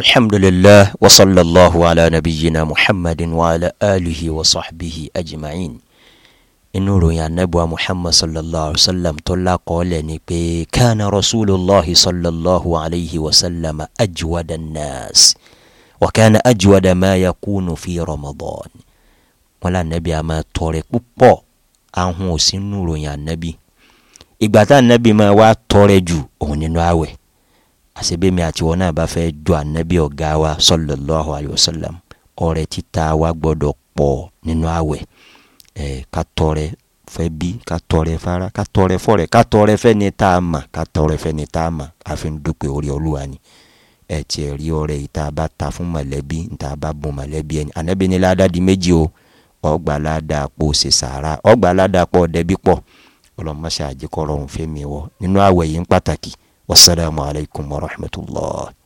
الحمد لله وصلى الله على نبينا محمد وعلى آله وصحبه أجمعين inú ròyìn anábùa muhammad sallallahu alayhi wa sallam tó lákọọ́lẹ̀ ni pé kánà rasulillahi sallallahu alayhi wa sallam ajwada nas wa kánà ajwada ma yakunu fi ramadan wọn là nàbí a máa tọrẹ púpọ̀ ahun òsínú ròyìn anábì ìgbà tá anábì máa wá tọrẹ jù òun nínú àwẹ̀ àṣebémi àti wọn náà bá fẹ́ jọ ànábì ọ̀gá wa sallallahu alayhi wa sallam ọrẹ títa wa gbọ́dọ̀ pọ̀ nínú àwẹ̀ ẹ̀ ká tọrẹ fẹ́ bí ká tọrẹ fara ká tọrẹ fọrẹ ká tọrẹ fẹ́ni tá a mà ká tọrẹ fẹ́ni tá a mà àfi ń dúpẹ́ orí olúwa ni ẹ tiẹ̀ rí ọrẹ yìí tá a bá ta fún mọ̀lẹ́bí tá a bá bùn mọ̀lẹ́bí ẹni ànábì ni ládàá di méjì o ọgbà ládàá pọ̀ ṣe sàárà ọgbà ládàá pọ̀ dẹbí pọ̀ ọlọ́mọṣẹ́ àjẹkọ̀rọ̀ òun fẹ́mi wọ nínú àwẹ̀ yìí ń pàtàkì والسلام عليكم ورحمة الله